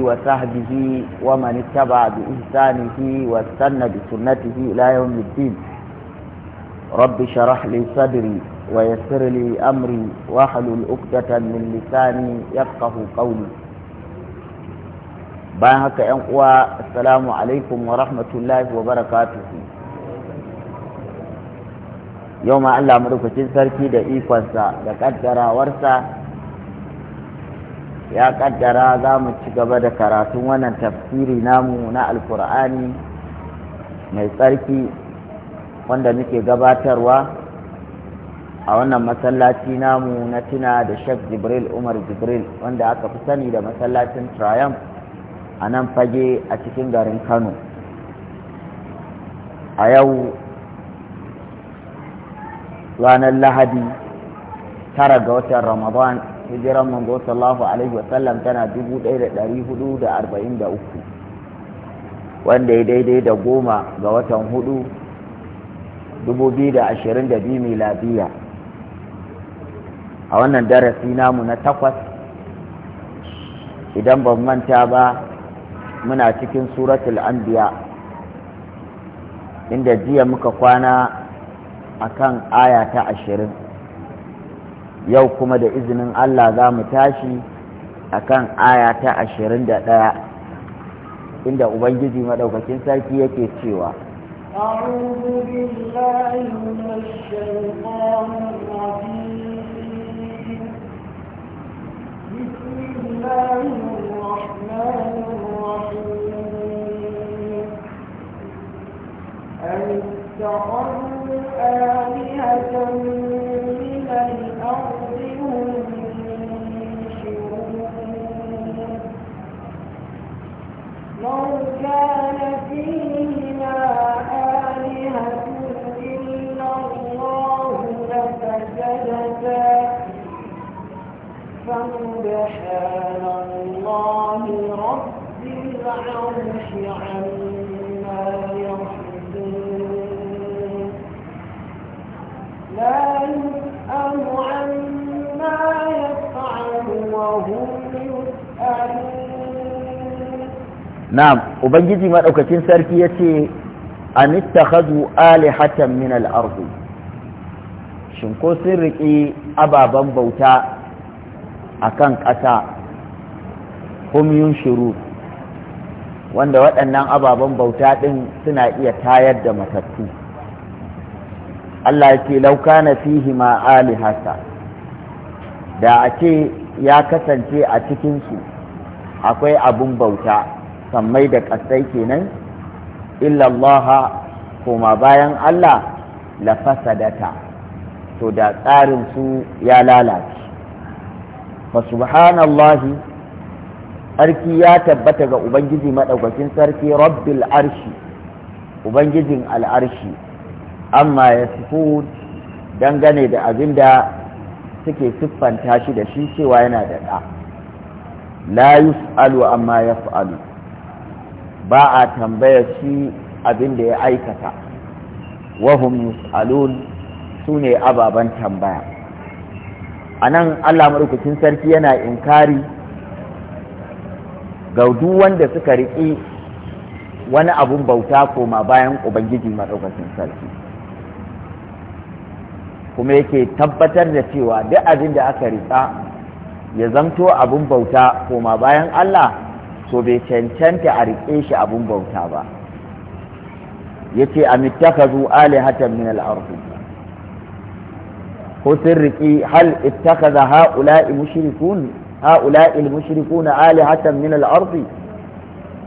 وصحبه ومن اتبع بإحسانه واستنى بسنته إلى يوم الدين رب شرح لي صدري ويسر لي أمري واحلل عقدة من لساني يفقه قولي bayan haka ‘yan uwa assalamu alaikum wa rahmatullahi wa barakatuhu yau ma Allah madaukakin sarki da ikonsa da ƙaddarawarsa ya kaddara za mu ci gaba da karatun wannan tafsiri namu na alkur'ani mai tsarki wanda muke gabatarwa a wannan masallaci namu na tuna da shek jibril umar jibril wanda aka fi sani da masallacin triumph a nan fage a cikin garin kano a yau ranar lahadi tara ga watan ramadan hijiran manzo sallallahu alaihi sallam tana dubu ɗaya da ɗari da arba'in da uku wanda ya daidai da goma ga watan hudu dubu biyu da ashirin da biyu miladiya a wannan darasi namu na takwas idan ban manta ba muna cikin suratul anbiya inda jiya muka kwana akan aya ta ashirin yau kuma da izinin Allah za mu tashi kan aya ta ashirin da ɗaya inda ubangiji maɗaukakin sarki yake cewa أعوذ بالله من na'am ubangiji madaukakin sarki yace an ittakhadhu alihatan min al-ard shin ko sun riki ababan bauta akan ƙasa hum shiru wanda waɗannan ababen bauta ɗin suna iya tayar da matattu Allah ce lauka na fihi ma'ali hasa da a ce ya kasance a cikinsu akwai abun bauta sammai da ƙasai kenan illallah koma bayan Allah la fasadata to da tsarin su ya lalace fa subhanallahi arki ya tabbata ga ubangiji madaukakin sarki rabbil arshi ubangijin al'arshi amma ya dangane da abinda suke siffanta shi da shi cewa yana da ɗa la yus'alu amma ya fi'alu ba a tambaya shi abin da ya aikata wahum yus'alun su ne ababen tambaya a nan allah marukucin sarki yana inkari ga duk wanda suka riƙi wani abun bauta koma bayan ubangiji maɗaukakin sarki kuma yake tabbatar da cewa duk abin da aka riƙa ya zamto abun bauta koma bayan allah to bai cancanta a riƙe shi abin bauta ba ya ce a mittakazu hatan min al'arfi ko sun riƙi hal ittakaza ha'ula'i mushrikun ha'ula'i mushrikun hatan min al'arfi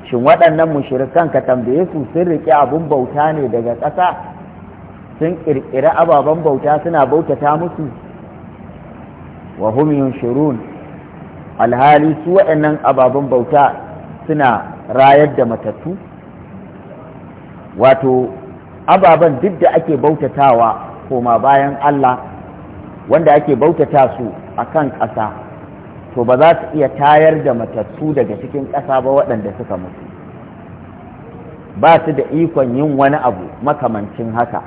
shin waɗannan mushrikan ka tambaye su sun riƙe abun bauta ne daga ƙasa sun ƙirƙiri ababen bauta suna bautata musu wa hum yunshirun alhali su waɗannan ababen bauta suna rayar da matattu wato ababen duk da ake bautatawa koma bayan Allah wanda ake bautata su a kan ƙasa to ba za su iya tayar da matattu daga cikin ƙasa ba waɗanda suka mutu ba su da ikon yin wani abu makamancin haka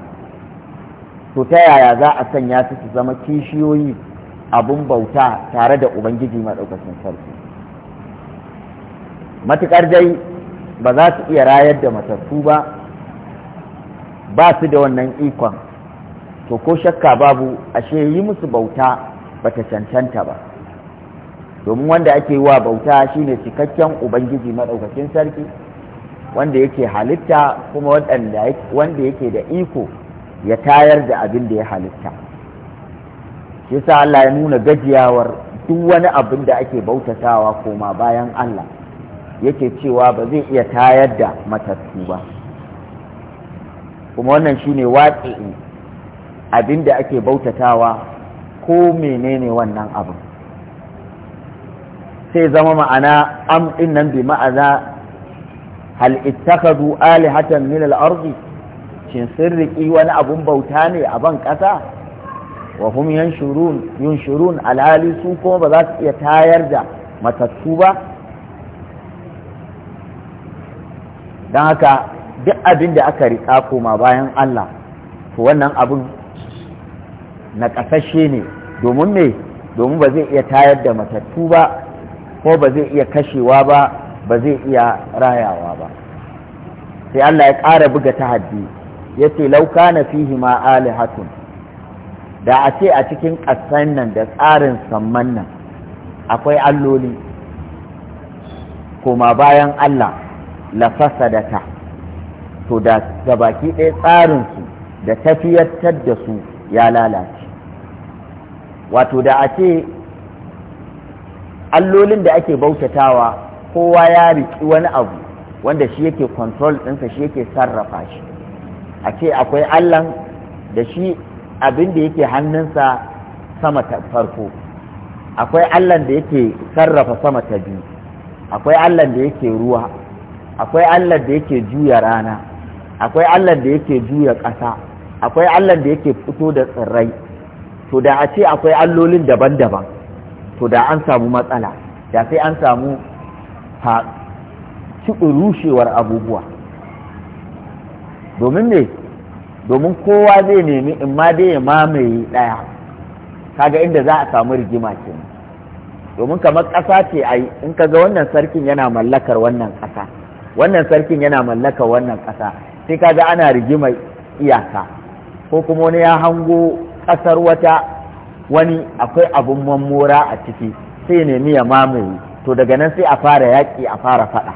to ta yaya za a sanya su su zama kishiyoyi abun bauta tare da ubangiji maɗaukacin sarki matuƙar dai ba za su iya rayar da matattu ba ba su da wannan ikon to ko shakka babu ashe yi musu bauta ba ta cancanta ba domin wanda ake yi wa bauta shine cikakken ubangiji maɗaukakin sarki wanda yake halitta kuma wanda yake da iko ya tayar da abin da ya halitta shi sa Allah ya nuna gajiyawar duk wani abin da ake bautatawa koma bayan Allah yake cewa ba zai iya tayar da matattu ba kuma wannan shine watsi abin da ake bautatawa ko menene wannan abu sai zama ma'ana am din nan bi ma'ana hal ittakhadhu alihatan min al-ardi shin sirriki wani abun bauta ne a ban ƙasa wa hum yanshurun yunshurun alhali su kuma ba za su iya tayar da matattu ba don haka duk abin da aka riƙa koma bayan Allah to wannan abin na ƙasashe ne domin me domin ba zai iya tayar da matattu ba ko ba zai iya kashewa ba ba zai iya rayawa ba sai Allah ya ƙara buga tahaddi ya ce lauka na fihi ma alihatun da a ce a cikin ƙasar nan da tsarin samman nan akwai alloli koma bayan Allah lafasadata to da gabaki ɗaya tsarin su da tafiyartar da su ya lalace wato da a ce allolin da ake bautatawa kowa ya riƙi wani abu wanda shi yake control ɗinsa shi yake sarrafa shi a ce akwai allan da shi abin da yake hannunsa sama ta farko akwai allan da yake sarrafa sama ta biyu akwai allan da yake ruwa akwai allah da yake juya rana akwai allah da yake juya ƙasa akwai allah da yake fito da tsirrai to da a ce akwai allolin daban-daban to da an samu matsala da sai an samu ha rushewar abubuwa domin ne domin kowa zai nemi in ma dai ya mamaye ɗaya kaga inda za a samu rigima kenan domin kamar ƙasa ce ai in ka ga wannan sarkin yana mallakar wannan ƙasa wannan sarkin yana mallaka wannan ƙasa sai kaga ana rigimar iyaka ko kuma wani ya hango ƙasar wata wani akwai abun mammora a ciki sai nemi ya mamaye to daga nan sai a fara yaƙi a fara faɗa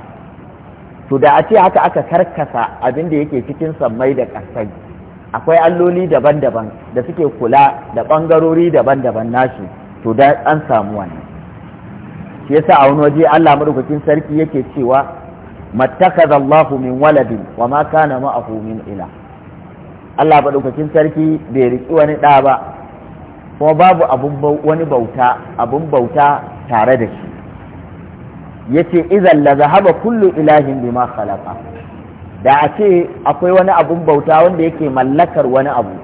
to da a ce haka aka karkasa abin da yake cikin sammai da ƙasai akwai alloli daban-daban da suke kula da ɓangarori daban-daban nashi to da an samu wannan shi yasa a wani waje Allah madaukakin sarki yake cewa mattakaza Allah min waladin wa ma kana ma'ahu min ila Allah madaukakin sarki bai riki wani da ba kuma babu abun wani bauta abun bauta tare da shi yace idan la zahaba kullu ilahin bima khalaqa da a ce akwai wani abun bauta wanda yake mallakar wani abu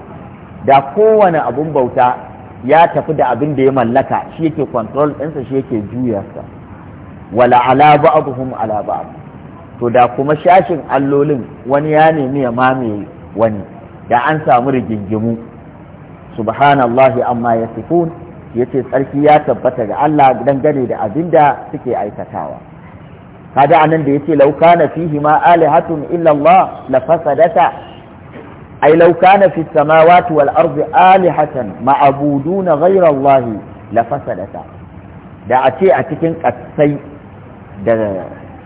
da kowane abun bauta ya tafi da abin da ya mallaka shi yake control ɗinsa shi yake juyarsa wala ala ba'dhum ala ba'd to da kuma shashin allolin wani ya nemi ya mamaye wani da an samu rigingimu subhanallahi amma ya sifun ya ce tsarki ya tabbata ga Allah dangane da abin da suke aikatawa kada anan da ya ce lauka na fi ma alihatun illallah la fasadata ai lauka na fi samawati wal ardi alihatan ma'abuduna na Allah la fasadata da a ce a cikin katsai da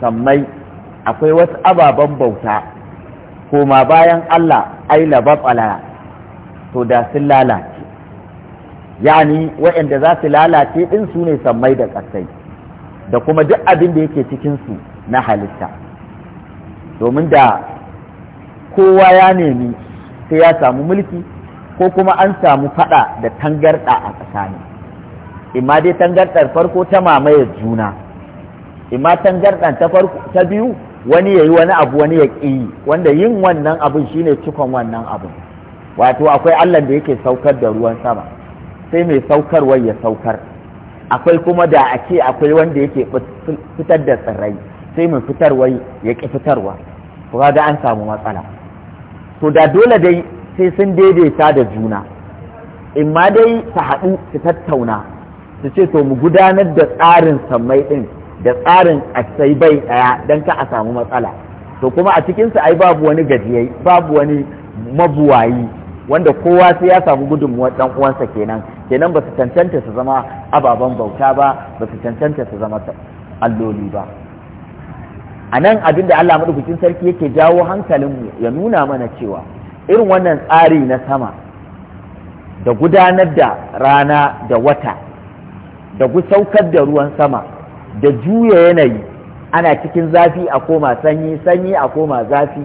sammai akwai wasu ababen bauta koma bayan Allah aila babala to da sun lalace yani waɗanda za su lalace din su ne sammai da ƙasai da kuma duk abin da yake cikinsu na halitta domin da kowa ya nemi sai ya samu mulki ko kuma an samu faɗa da tangarɗa a tsakani imma dai tangarɗar farko ta mamayar juna imma tangarɗar ta biyu wani ya yi wani abu wani ya ƙi wanda yin wannan abin shine cikon wannan abin wato akwai allah da yake saukar da ruwan sama sai mai wai ya saukar akwai kuma da a ce akwai wanda yake fitar da tsirrai sai mai fitarwa ya ƙi fitarwa to ga an samu matsala to da dole dai sai sun daidaita da juna in ma dai su haɗu su tattauna su ce to mu gudanar da tsarin sammai ɗin da tsarin a sai bai ɗaya don ka a samu matsala to kuma a cikinsa ai babu wani gajiyai babu wani mabuwayi wanda kowa sai ya samu gudunmuwar dan uwansa kenan kenan ba su cancanta su zama ababen bauta ba ba su cancanta su zama alloli ba a nan abin da Allah madaukakin sarki yake jawo hankalinmu ya nuna mana cewa irin wannan tsari na sama da gudanar da rana da wata da saukar da ruwan sama da juya yanayi ana cikin zafi a koma sanyi sanyi a koma zafi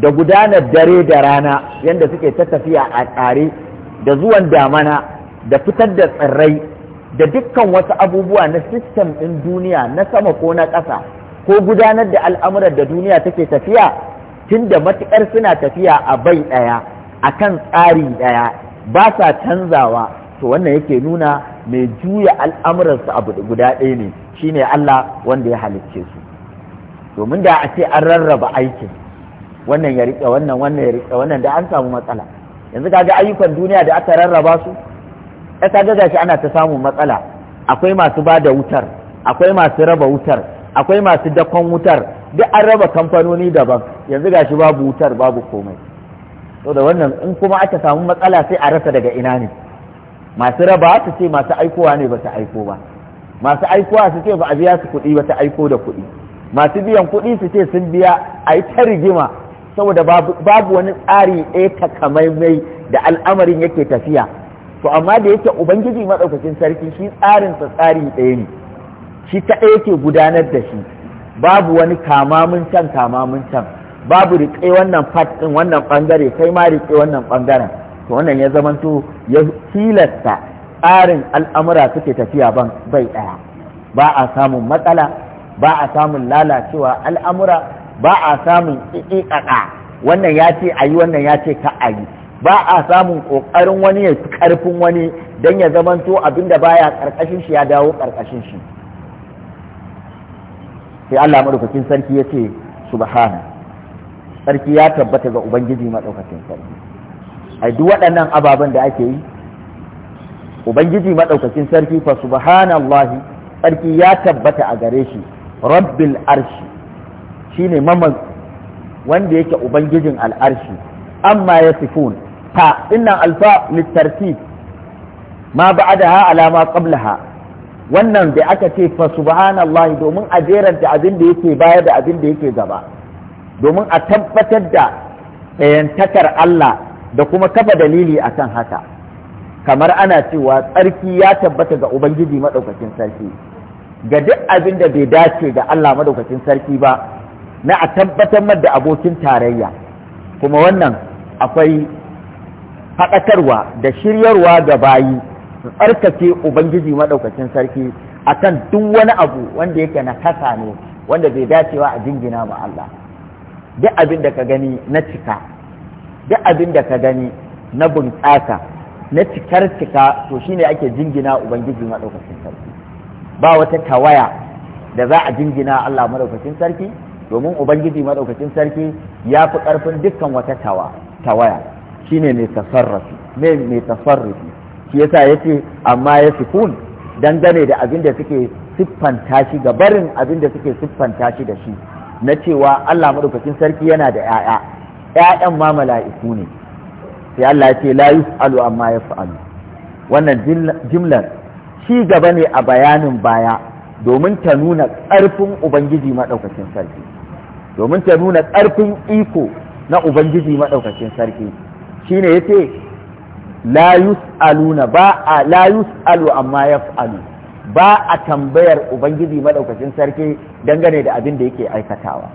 da gudanar dare da rana yadda suke ta tafiya a tsare da zuwan damana da fitar da tsirrai da dukkan wasu abubuwa na sistem ɗin duniya na sama ko na ƙasa ko gudanar da al'amuran da duniya take tafiya tun da matuƙar suna tafiya a bai ɗaya a kan tsari ɗaya ba sa canzawa to wannan yake nuna mai juya al'amuransu abu guda ɗaya ne shine Allah wanda ya halicce su domin da a ce an rarraba aikin wannan ya riƙe wannan wannan ya riƙe wannan da an samu matsala yanzu kaga ayyukan duniya da aka rarraba su ya gaza gashi ana ta samun matsala akwai masu ba da wutar akwai masu raba wutar akwai masu dakon wutar duk an raba kamfanoni daban yanzu gashi babu wutar babu komai to da wannan in kuma aka samu matsala sai a rasa daga ina ne masu raba su ce masu aikowa ne ba su aiko ba masu aikowa su ce ba a biya su kuɗi ba ta aiko da kuɗi masu biyan kuɗi su ce sun biya a yi ta rigima saboda babu wani tsari ɗaya takamaimai da al'amarin yake tafiya to amma da yake ubangiji matsaukacin sarki shi tsarin tsarinsa tsari ɗaya ne shi ta ɗaya ke gudanar da shi babu wani kama mun can kama kamamun can babu riƙe wannan fat ɗin wannan ɓangare kai ma riƙe wannan ɓangaren to wannan ya zamanto ya tilasta tsarin al'amura suke tafiya ban bai ɗaya ba a samun matsala ba a samun lalacewa al'amura ba a samun ƙiƙiƙaƙa wannan ya ce a yi wannan ya ce ka a yi ba a samun ƙoƙarin wani ya fi ƙarfin wani don ya zamanto abinda da baya ƙarƙashin shi ya dawo ƙarƙashin shi sai Allah madaukakin sarki ya ce subhana sarki ya tabbata ga ubangiji madaukakin sarki ai duk waɗannan ababen da ake yi ubangiji maɗaukakin sarki fa subhanallahi sarki ya tabbata a gare shi rabbil arshi shine mama wanda yake ubangijin al'arshi amma ya sifun ta innan alfa littartib ma ba'adaha ala ma qablaha wannan da aka ce fa subhanallahi domin a jeranta abin da yake baya da abin da yake gaba domin a tabbatar da ɗayantakar Allah da kuma kafa dalili akan haka kamar ana cewa tsarki ya tabbata ga ubangiji maɗaukacin sarki ga duk abin da bai dace ga Allah maɗaukacin sarki ba na a tabbatar da abokin tarayya kuma wannan akwai faɗakarwa da shiryarwa ga bayi su tsarkake ubangiji maɗaukacin sarki akan duk wani abu wanda yake na kasa ne wanda bai dacewa a jingina ma Allah duk abin da ka gani na cika duk abin da ka gani na bunƙasa na cikar cika to shine ake jingina ubangiji maɗaukacin sarki ba wata tawaya da za a jingina Allah maɗaukacin sarki domin ubangiji maɗaukacin sarki ya fi ƙarfin dukkan wata tawaya shine mai tasarrufi mai tasarrufi shi yasa yace amma ya sukun dangane da abin da suke siffanta shi ga barin abin da suke siffanta shi da shi na cewa Allah maɗaukacin sarki yana da 'ya'ya ƴaƴan ma mala'iku ne sai Allah ya ce la yus'alu amma yaf'alu wannan jimlar ci gaba ne a bayanin baya domin ta nuna ƙarfin ubangiji maɗaukacin sarki domin ta nuna ƙarfin iko na ubangiji maɗaukacin sarki shine yace la na ba a la yus'alu amma yaf'alu ba a tambayar ubangiji maɗaukacin sarki dangane da abin da yake aikatawa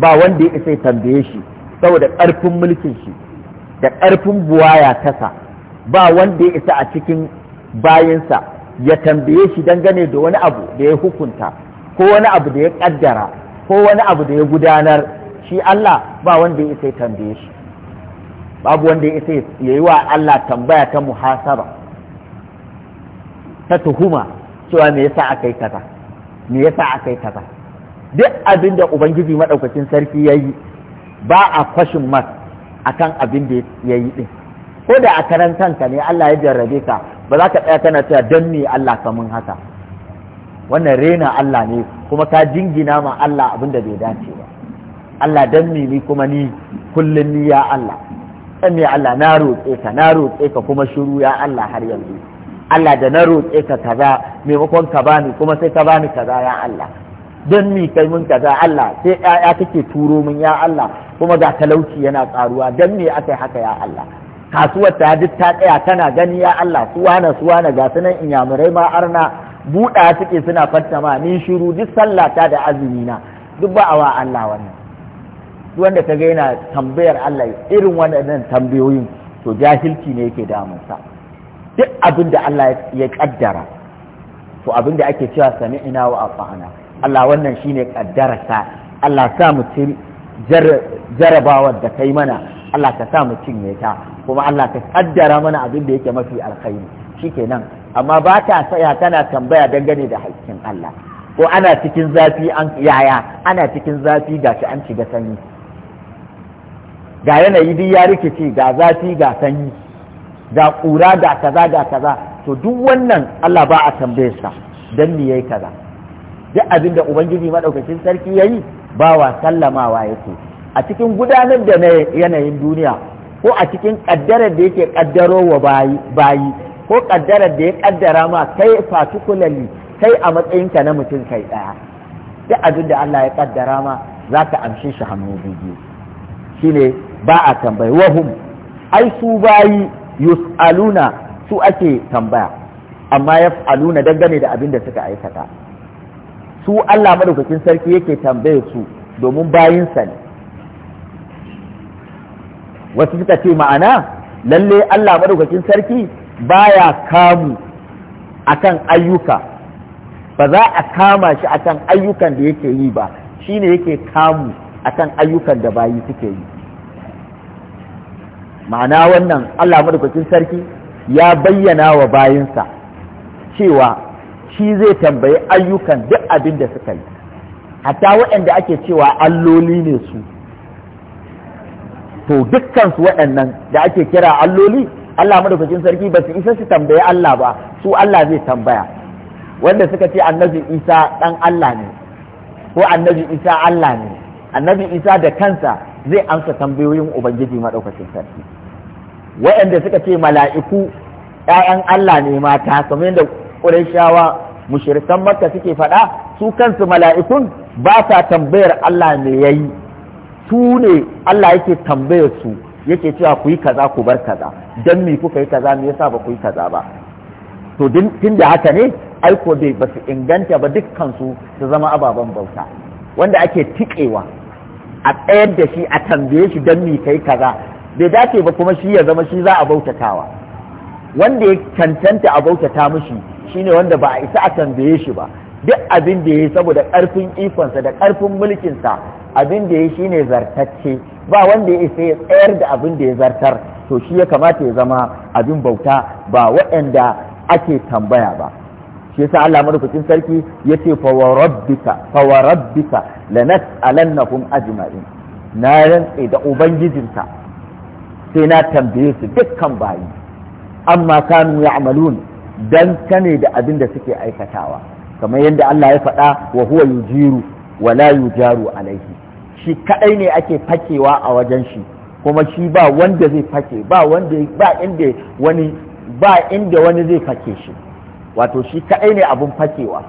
ba wanda ya isa ya tambaye shi saboda ƙarfin mulkin shi da ƙarfin buwaya tasa ba wanda ya isa a cikin bayansa ya tambaye shi dangane da wani abu da ya hukunta ko wani abu da ya ƙaddara ko wani abu da ya gudanar shi Allah ba wanda ya isa ya tambaye shi babu wanda ya isa ya yi wa Allah tambaya ta muhasaba ta tuhuma cewa me yasa akai kaza me yasa akai kaza duk abin da ubangiji maɗaukacin sarki ya yi ba a kwashin mas kan abin da ya yi ɗin ko da a karan kanka ne Allah ya jarrabe ka ba za ka tsaya kana cewa don me Allah kamun haka wannan rena Allah ne kuma ka jingina ma Allah abin da bai dace ba Allah don me ni kuma ni kullum ni ya Allah dan ne Allah na roƙe ka na roƙe ka kuma shiru ya Allah har yanzu Allah da na roƙe ka kaza maimakon ka bani kuma sai ka bani kaza ya Allah don mi kai mun kaza Allah sai ƴaƴa kake turo mun ya Allah kuma ga talauci yana karuwa don me yi haka ya Allah kasuwar ta duk ta tsaya tana gani ya Allah suwana suwana ga sunan inyamurai ma arna buɗa suke suna fatta ma ni shiru duk ta da azumi na duk ba awa Allah wannan duk wanda kaga yana tambayar Allah irin wannan tambayoyin to jahilci ne yake damunsa duk abin da Allah ya kaddara to abin da ake cewa sami'ina wa afa'ana Allah wannan shi shine ƙaddararsa Allah sa mu jarabawar da kai mana Allah ka sa mu cinye ta kuma Allah ka ƙaddara mana abin da yake mafi alkhairi nan. amma ba ta tsaya tana tambaya dangane da haƙƙin Allah ko ana cikin zafi an yaya ana cikin zafi ga shi an shiga sanyi ga yanayi duk ya rikice ga zafi ga sanyi ga ƙura ga kaza ga kaza to duk wannan Allah ba a tambayarsa don me yi kaza duk abin da ubangiji madaukakin sarki yayi wa sallamawa yake a cikin gudanar da yanayin duniya ko a cikin kaddarar da yake kaddaro wa bayi ko kaddarar da ya ƙaddara ma kai particularly kai a matsayinka na mutum kai ɗaya. duk abin da Allah ya kaddara ma zaka amshe shi hannu biyu shine ba a tambayi wahum ai su bayi yus'aluna su ake tambaya amma yaf'aluna dangane da abin da suka aikata su Allah madaukakin sarki yake tambaye su domin bayinsa ne wasu suka ce ma'ana lalle Allah madaukakin sarki baya kamu akan ayyuka ba za a kama shi akan ayyukan da yake yi ba shine yake kamu akan ayyukan da bayi suke yi ma'ana wannan Allah madaukakin sarki ya bayyana wa bayinsa cewa shi zai tambayi ayyukan duk abin da suka yi hatta waɗanda ake cewa alloli ne su to dukkansu waɗannan da ake kira alloli Allah madaukakin sarki ba su isa su tambayi Allah ba su Allah zai tambaya wanda suka ce annabi Isa ɗan Allah ne ko annabi Isa Allah ne annabi Isa da kansa zai amsa tambayoyin Ubangiji madaukakin sarki waɗanda suka ce mala'iku ‘ya'yan Allah ne mata kamar yadda ƙurayshawa mushirikan makka suke faɗa su kansu mala'ikun ba sa tambayar Allah me yi su ne Allah yake tambayar su yake cewa ku yi kaza ku bar kaza dan me kuka yi kaza me yasa ba ku yi kaza ba to tun da haka ne aiko bai ba su inganta ba dukkan su su zama ababen bauta wanda ake tikewa a tsayar da shi a tambaye shi dan me kai kaza bai dace ba kuma shi ya zama shi za a bautatawa wanda ya cancanta a bautata mushi shine wanda ba a isa a tambaye shi ba duk abin da ya yi saboda ƙarfin ikonsa da ƙarfin mulkinsa abin da ya yi shine zartacce ba wanda ya isa ya tsayar da abin da ya zartar to shi ya kamata ya zama abin bauta ba waɗanda ake tambaya ba shi yasa Allah madaukakin sarki yace fa wa rabbika fa wa rabbika lanas'alannakum ajma'in na rantse da ubangijinsa sai na tambaye su dukkan bayi amma kanu amalun dan kane da abin da suke aikatawa kamar yadda Allah ya faɗa wa huwa yujiru wa la yujaru alaihi shi kadai ne ake fakewa a wajen shi kuma shi ba wanda zai fake ba wanda ba inda wani ba inda wani zai fake shi wato shi kadai ne abun fakewa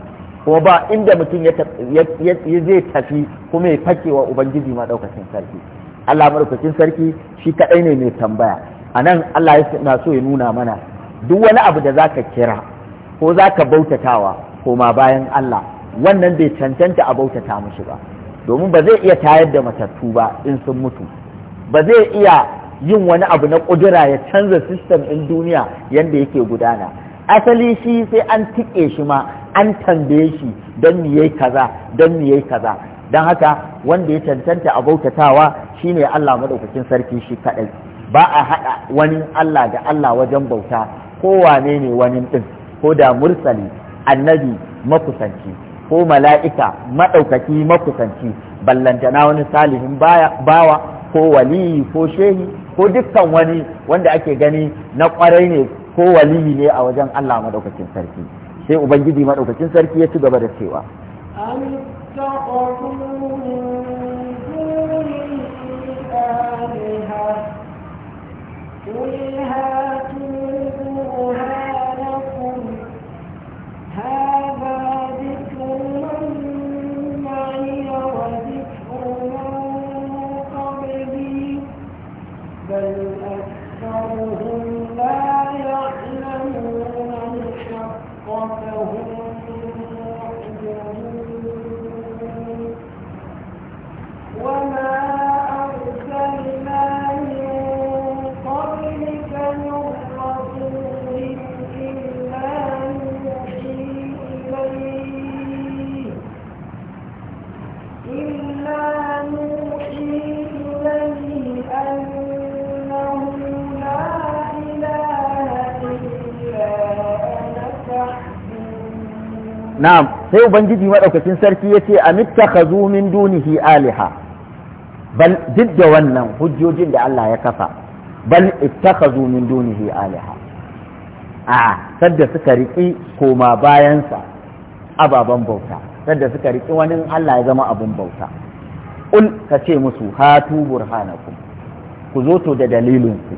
kuma ba inda mutum ya zai tafi kuma ya fakewa ubangiji daukakin sarki Allah madaukakin sarki shi kadai ne mai tambaya a nan Allah na so ya nuna mana duk wani abu da za ka kira ko za ka bautatawa ko ma bayan Allah wannan bai cancanta a bautata mushi ba domin ba zai iya tayar da matattu ba in sun mutu ba zai iya yin wani abu na ƙudura ya canza sistem ɗin duniya yadda yake gudana asali shi sai an tike shi ma an tambaye shi don mi yi kaza don mi yi kaza don haka wanda ya cancanta a bautatawa shine Allah madaukakin sarki shi kaɗai ba a haɗa wani Allah da Allah wajen bauta ko wane ne wani ɗin ko da mursali annabi makusanci ko mala'ika maɗaukaki makusanci ballantana wani salihin bawa ko waliyi ko shehi ko dukkan wani wanda ake gani na ƙwarai ne ko waliyi ne a wajen Allah maɗaukacin sarki sai ubangiji maɗaukacin sarki ya ci gaba da cewa na'am sai ubangiji madaukakin sarki yace amittakhazu min dunihi aliha bal duk wannan hujjojin da Allah ya kafa bal ittakhazu min dunihi aliha a sadda suka riki koma bayansa ababen bauta sadda suka riki wani Allah ya zama abun bauta ul ka ce musu hatu burhanakum ku zo to da dalilinku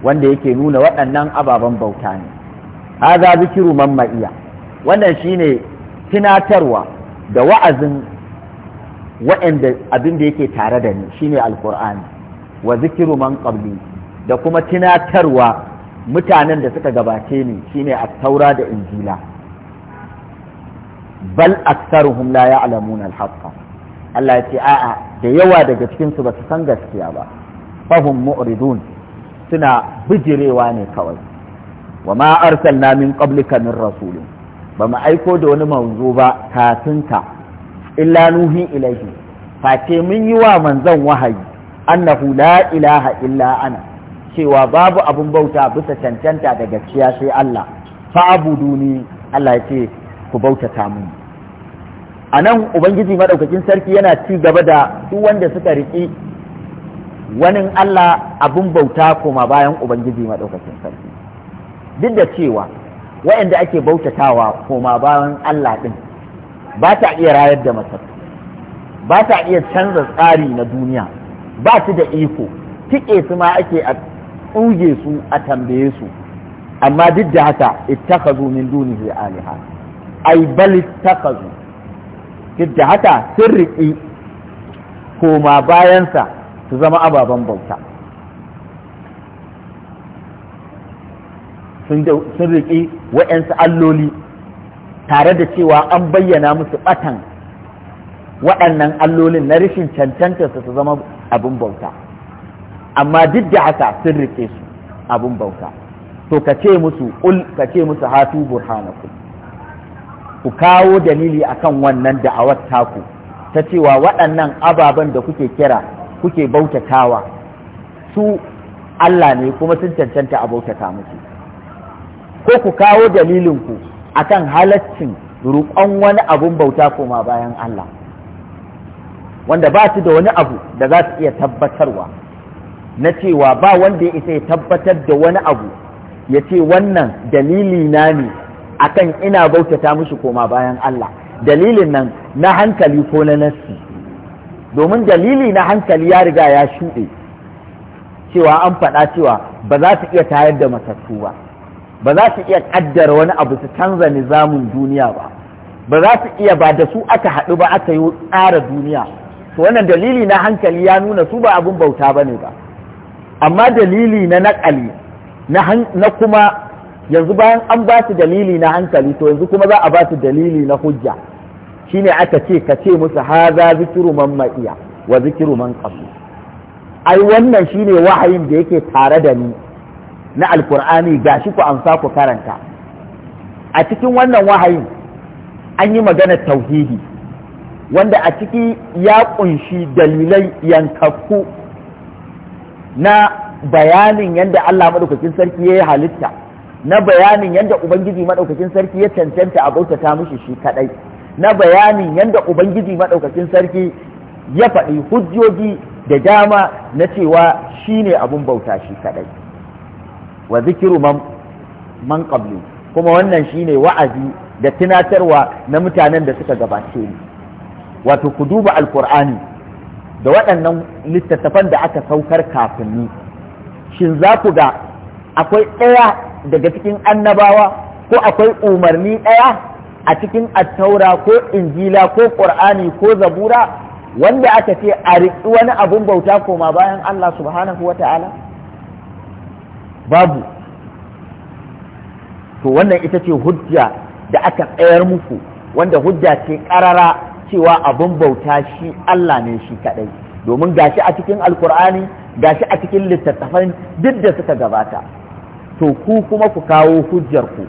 wanda yake nuna waɗannan ababen bauta ne Hada zikiru man ma'iya wannan shine tunatarwa da wa'azin wa'anda abin da yake tare da ni shine alkur'ani wa zikiru man qabli da kuma tunatarwa mutanen da suka gabace ni shine a taura da injila bal aktsaruhum la ya'lamuna al-haqqa Allah ya ce a'a da yawa daga cikin su ba su san gaskiya ba fahum mu'ridun suna bijirewa ne kawai wa ma arsalna min qablika min rasulin ba mu aiko da wani manzo ba kafin ka illa nuhi ilaihi face mun yi wa manzon wahayi annahu la ilaha illa ana cewa babu abun bauta bisa cancanta da gaskiya sai Allah fa abuduni Allah ya ce ku bautata mun anan nan ubangiji madaukakin sarki yana ci gaba da duk wanda suka riƙi wani Allah abun bauta kuma bayan ubangiji madaukakin sarki duk da cewa Wa'inda ake bautatawa koma bayan Allah ɗin ba ta iya rayar da masar ba ta iya canza tsari na duniya ba su da iko tike su ma ake a tsuge su a tambaye su amma duk da haka ittakazu min zai aliha ai bal ittakazu duk da haka sun riƙi koma bayansa su zama ababen bauta sun riƙe wa'yansu alloli tare da cewa an bayyana musu batan waɗannan allolin na rashin cancanta su zama abin bauta amma duk da haka sun riƙe su abin bauta to ka ce musu ul ka ce musu hatu Burhanaku. ku kawo dalili akan wannan da'awar taku ta cewa waɗannan ababen da kuke kira kuke bautatawa su Allah ne kuma sun cancanta a bautata musu ko ku kawo dalilinku akan halaccin roƙon wani abun bauta koma bayan Allah wanda ba su da wani abu da za su iya tabbatarwa na cewa ba wanda ya isa ya tabbatar da wani abu ya ce wannan dalili na ne akan ina bautata mushi koma bayan Allah dalilin nan na hankali ko na nassi domin dalili na hankali ya riga ya shuɗe cewa an faɗa cewa ba za su iya tayar da matattu ba ba za su iya kaddara wani abu su canza nizamin duniya ba ba za su iya ba da su aka haɗu ba aka yi tsara duniya to wannan dalili na hankali ya nuna su ba abin bauta ba ne ba amma dalili na naƙali na kuma yanzu bayan an ba su dalili na hankali to yanzu kuma za a ba su dalili na hujja shine aka ce ka ce musu haza zikiru man ma'iya wa zikiru man ƙasu. ai wannan shine wahayin da yake tare da ni na alkur'ani ga shi ku amsa ku karanta a cikin wannan wahayin an yi magana tauhidi wanda a ciki ya kunshi dalilai yankakku na bayanin yadda Allah maɗaukakin sarki ya yi halitta na bayanin yadda Ubangiji maɗaukakin sarki ya cancanta a bautata mushi shi kaɗai na bayanin yadda Ubangiji maɗaukakin sarki ya faɗi hujjoji da dama na cewa shi ne abin bauta shi kaɗai wa zikiru man qablu, kuma wannan shine wa'azi da tunatarwa na mutanen da suka gabace ni wato ku duba alkur'ani da waɗannan littattafan da aka saukar kafin ni shin za ku ga akwai ɗaya daga cikin annabawa ko akwai umarni ɗaya a cikin attaura ko injila ko ƙur'ani ko zabura wanda aka ce a riƙi wani abun bauta koma bayan Allah subhanahu wa ta'ala babu to wannan ita ce hujja da aka tsayar muku wanda hujja ce karara cewa abin bauta shi Allah ne shi kadai domin gashi a cikin alkur'ani gashi a cikin littattafan duk da suka gabata to ku kuma ku kawo hujjar ku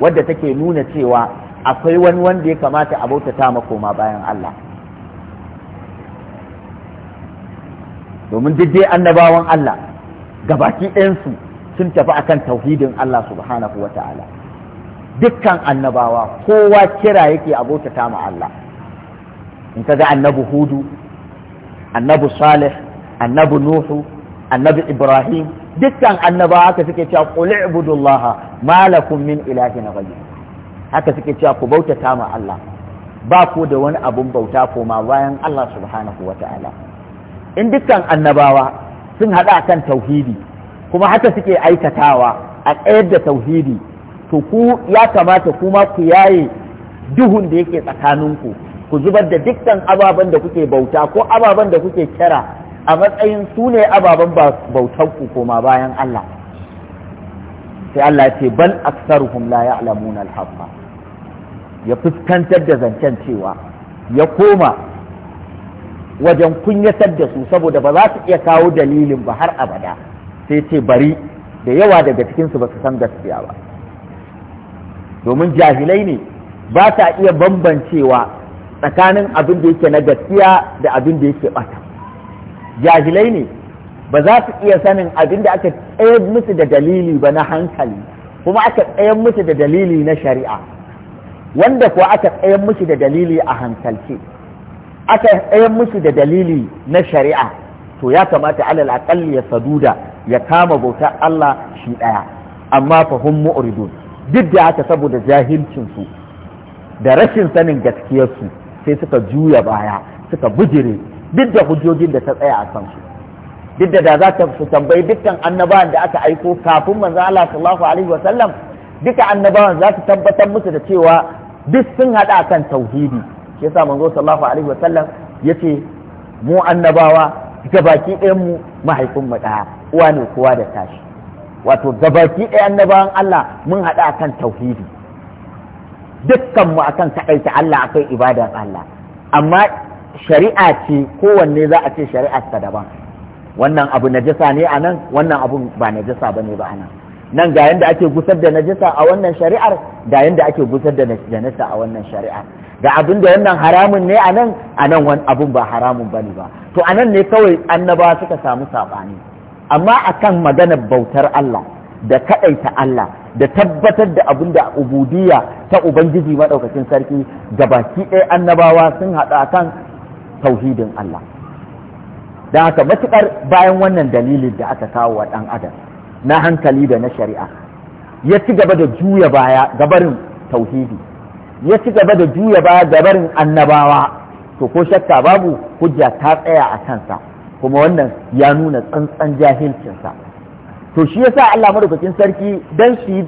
wadda take nuna cewa akwai wani wanda ya kamata a bautata makoma bayan Allah domin duk dai annabawan Allah gabaki ɗayansu sun tafi akan tauhidin Allah subhanahu wa ta'ala dukkan annabawa kowa kira yake abota ma Allah in ka ga annabi hudu annabi salih annabi nuhu annabi ibrahim dukkan annabawa haka suke cewa qul ibudullaha ma lakum haka suke cewa ku bautata ma Allah ba ku da wani abun bauta koma bayan Allah subhanahu wa ta'ala in dukkan annabawa sun haɗa kan tauhidi kuma haka suke aikatawa a ƙayar da tauhidi to ku ya kamata kuma ku yaye duhun da yake tsakaninku ku zubar da dukkan ababen da kuke bauta ko ababen da kuke kira a matsayin su ne ababen bautanku koma bayan Allah sai Allah ce bal aksaruhum la ya'lamuna al-haqqa ya fuskantar da zancen cewa ya koma wajen kunyatar da su saboda ba za su iya kawo dalilin ba har abada sai ce bari da yawa daga cikinsu ba su san gaskiya ba domin jahilai ne ba ta iya bambancewa tsakanin abin da yake na gaskiya da abin da yake bata jahilai ne ba za su iya sanin abin da aka tsayar musu da dalili ba na hankali kuma aka tsayar musu da dalili na shari'a wanda kuwa aka tsayar musu da dalili a hankalce aka tsayar musu da dalili na shari'a to ya kamata alal aƙalli ya saduda ya kama bautar Allah shi ɗaya amma fahim hum mu'ridun duk da haka saboda jahilcin su da rashin sanin gaskiyarsu sai suka juya baya suka bujire duk da hujjojin da ta tsaya a kansu duk da za ta su tambayi dukkan annabawan da aka aiko kafin manzo Allah sallallahu alaihi wa sallam duka annabawan za su tabbatar musu da cewa duk sun hada kan tauhidi shi yasa manzo sallallahu alaihi wa sallam yace mu annabawa ga baki ɗayan mu mahaifin mu ɗaya uwa ne kowa da tashi wato gabaki ɗaya annabawan Allah mun haɗa akan tauhidi dukkanmu akan kaɗaita Allah akai ibadan Allah amma shari'a ce kowanne za a ce ta daban wannan abu najasa ne a nan wannan abu ba najasa ba ne ba a nan nan ga yadda ake gusar da najasa a wannan shari'ar ga yadda ake gusar da najasa a wannan shari'ar ga abin da wannan haramun ne a nan a nan abun ba haramun ba ne ba to a nan ne kawai annabawa suka samu saɓani amma akan maganar bautar Allah da kaɗaita Allah da tabbatar da abin da ubudiyya ta ubangiji maɗaukacin sarki da baki ɗaya annabawa sun haɗa kan tauhidin Allah da haka matuƙar bayan wannan dalilin da aka kawo wa ɗan adam na hankali da na shari'a ya ci gaba da juya baya gabarin tauhidi ya ci gaba da juya baya gabarin annabawa to ko shakka babu hujja ta tsaya a kansa kuma wannan ya nuna tsantsan jahilcinsa to shi yasa Allah madaukakin sarki dan su yi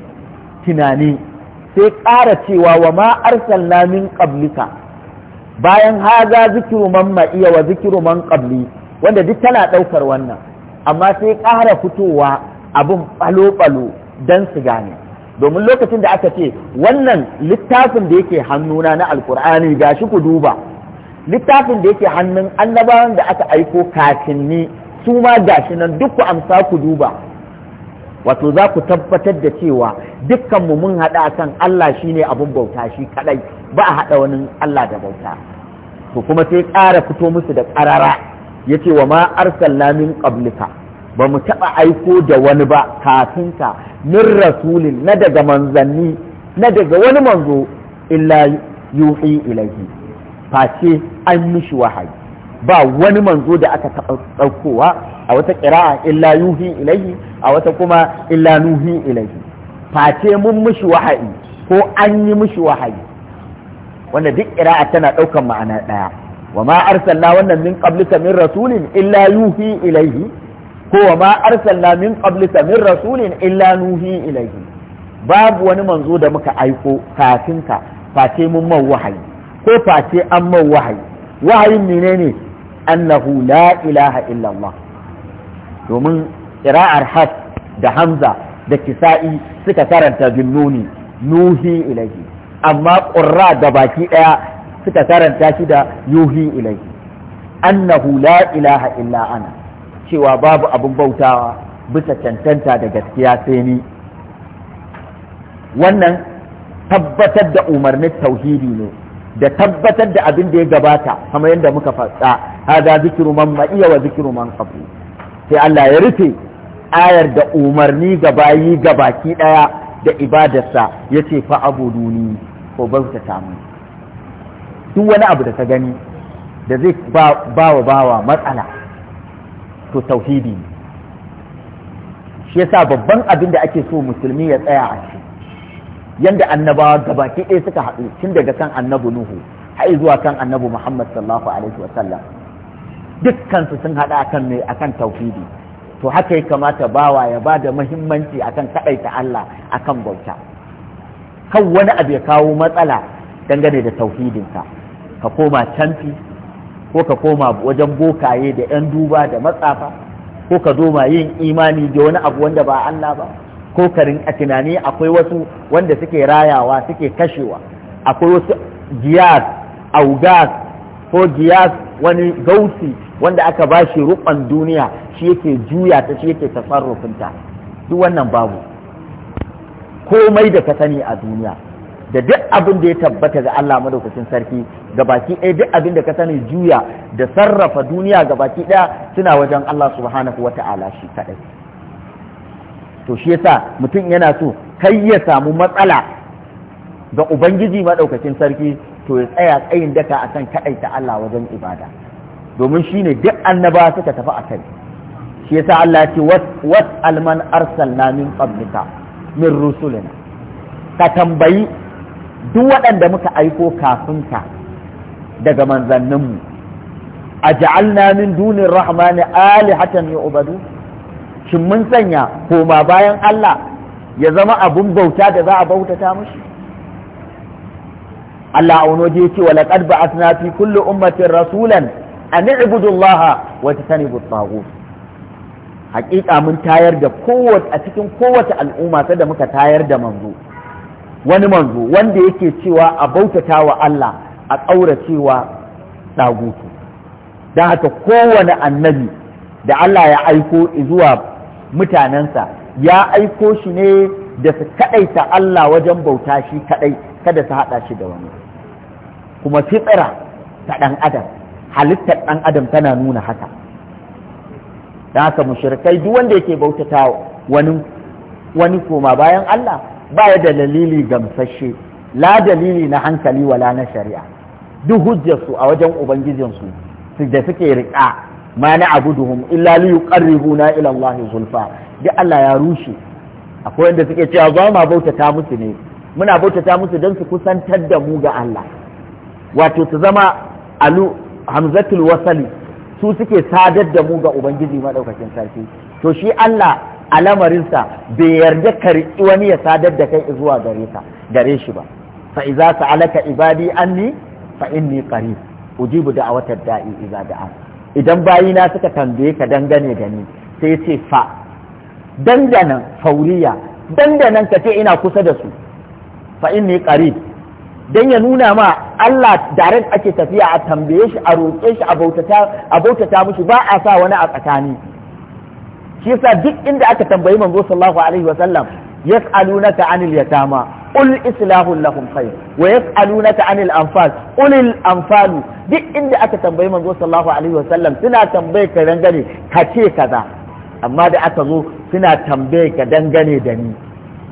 tunani sai ƙara cewa wa ma arsalna min qablika bayan haza zikiru man ma'iya wa zikiru man qabli wanda duk tana ɗaukar wannan amma sai ƙara fitowa abin ɓalo-ɓalo don su gane domin lokacin da aka ce wannan littafin da yake hannuna na alkur'ani shi ku duba littafin da yake hannun annabawan da aka aiko kafin ni su ma gashi nan duk ku amsa ku duba wato za ku tabbatar da cewa dukkanmu mun haɗa kan Allah shine abun bauta shi kadai ba a haɗa wani Allah da bauta to kuma sai ƙara fito musu da ƙarara ya ce wa ma arsalna min qablika ba mu taɓa aiko da wani ba kafin ka min rasulin na daga manzanni na daga wani manzo illa yuhi ilaihi face an mishi wahayi ba wani manzo da aka taɓa ɗaukowa a wata ƙira'a illa yuhi ilaihi a wata kuma illa nuhi ilaihi face mun mishi wahayi ko an yi mishi wahayi wanda duk ƙira'a tana ɗaukan ma'ana ɗaya wa ma arsalna wannan min qablika min rasulin illa yuhi ilaihi ko wa ma arsalna min qablika min rasulin illa nuhi ilaihi babu wani manzo da muka aiko kafin ka face mun man wahayi ko face an man wahayi wahayin menene annahu la ilaha illallah domin ira'ar has da hamza da kisa'i suka karanta nuni, nuhi ilaihi, amma ƙurra da baki ɗaya suka karanta shi da yuhi ilahi annahu la ilaha illa ana cewa babu abin bautawa bisa cancanta da gaskiya sai ni wannan tabbatar da umarnin tauhidi ne da tabbatar da abin da ya gabata kamar yadda muka faɗa hada zikiru man ma'iya wa zikiru man qabli sai Allah ya rufe ayar da umarni ga bayi ga baki daya da ibadarsa yace fa abuduni ko bauta ta mu duk wani abu da ka gani da zai ba wa bawa matsala to tauhidi shi yasa babban abin da ake so musulmi ya tsaya a shi. yanda annabawa gabaki ɗaya suka haɗu tun daga kan annabu nuhu har zuwa kan annabu muhammad sallallahu alaihi wa sallam dukkan sun haɗa akan ne akan tauhidi to haka ya kamata bawa ya ba da muhimmanci akan kaɗaita Allah akan bauta kan wani abu ya kawo matsala dangane da tauhidin ka koma canfi ko ka koma wajen bokaye da 'yan duba da matsafa ko ka doma yin imani da wani abu wanda ba Allah ba kokarin a tunani akwai wasu wanda suke rayawa suke kashewa akwai wasu giyas augas ko giyas wani gausi wanda aka ba shi rukon duniya shi yake juya ta shi yake tasarrufinta duk wannan babu komai da ka sani a duniya da duk abin da ya tabbata ga Allah madaukakin sarki ga baki ɗaya duk abin da ka sani juya da sarrafa duniya ga baki ɗaya suna wajen Allah subhanahu wata'ala shi kaɗai to shi yasa mutum yana so kai ya samu matsala ga ubangiji maɗaukacin sarki to ya tsaya tsayin daka akan kaɗaita Allah wajen ibada domin shi ne duk annaba suka tafi a kai shi yasa Allah ce was alman arsalna min qablika min rusulina ka tambayi duk waɗanda muka aiko kafin ka daga manzanninmu a ja'alna min dunin rahmani alihatan yu'badu shin mun sanya koma bayan Allah ya zama abun bauta da za a bautata mashi Allah a wani ya ce wa laqad ba'athna fi kulli ummatin rasulan an i'budu Allah wa tajtanibu taghut haƙiƙa mun tayar da kowace a cikin kowace al'umma sai da muka tayar da manzo wani manzo wanda yake cewa a bautata wa Allah a ƙauracewa ɗagutu don haka kowane annabi da Allah ya aiko zuwa mutanensa ya aiko shi ne da su kaɗaita Allah wajen bauta shi kaɗai kada su haɗa shi da wani kuma fitsira ta ɗan adam halittar ɗan adam tana nuna haka da haka mushrikai duk wanda yake bautata wani wani koma bayan Allah ba ya da dalili gamsashe la dalili na hankali wala na shari'a duk hujjarsu a wajen ubangijinsu da suke riƙa ma na abuduhum illa li yuqarribuna na Allah zulfa duk Allah ya rushe akwai wanda suke cewa za mu bautata musu ne muna bautata musu don su kusantar da mu ga Allah wato su zama alu hamzatul wasali su suke sadar da mu ga ubangiji madaukakin sarki to shi Allah a lamarinsa bai yarda karki wani ya sadar da kai zuwa gare ka shi ba fa iza sa'alaka ibadi anni fa inni qarib a da'watad da'i idza da'a idan bayina suka tambaye ka dangane da ni sai ce fa dandanan fauriya dandanan ka ce ina kusa da su fa inni qarib dan ya nuna ma Allah direct ake tafiya a tambaye shi a roƙe shi a bautata mushi ba a sa wani a tsakani shi yasa duk inda aka tambayi manzo sallallahu alaihi wasallam yas'alunaka anil yatama qul islahul lahum khair wa yas'alunaka anil anfal qul al anfal duk inda aka tambayi manzo sallallahu alaihi wa sallam suna tambayi ka dangane ka ce ka za. amma da aka zo suna tambayi ka dangane da ni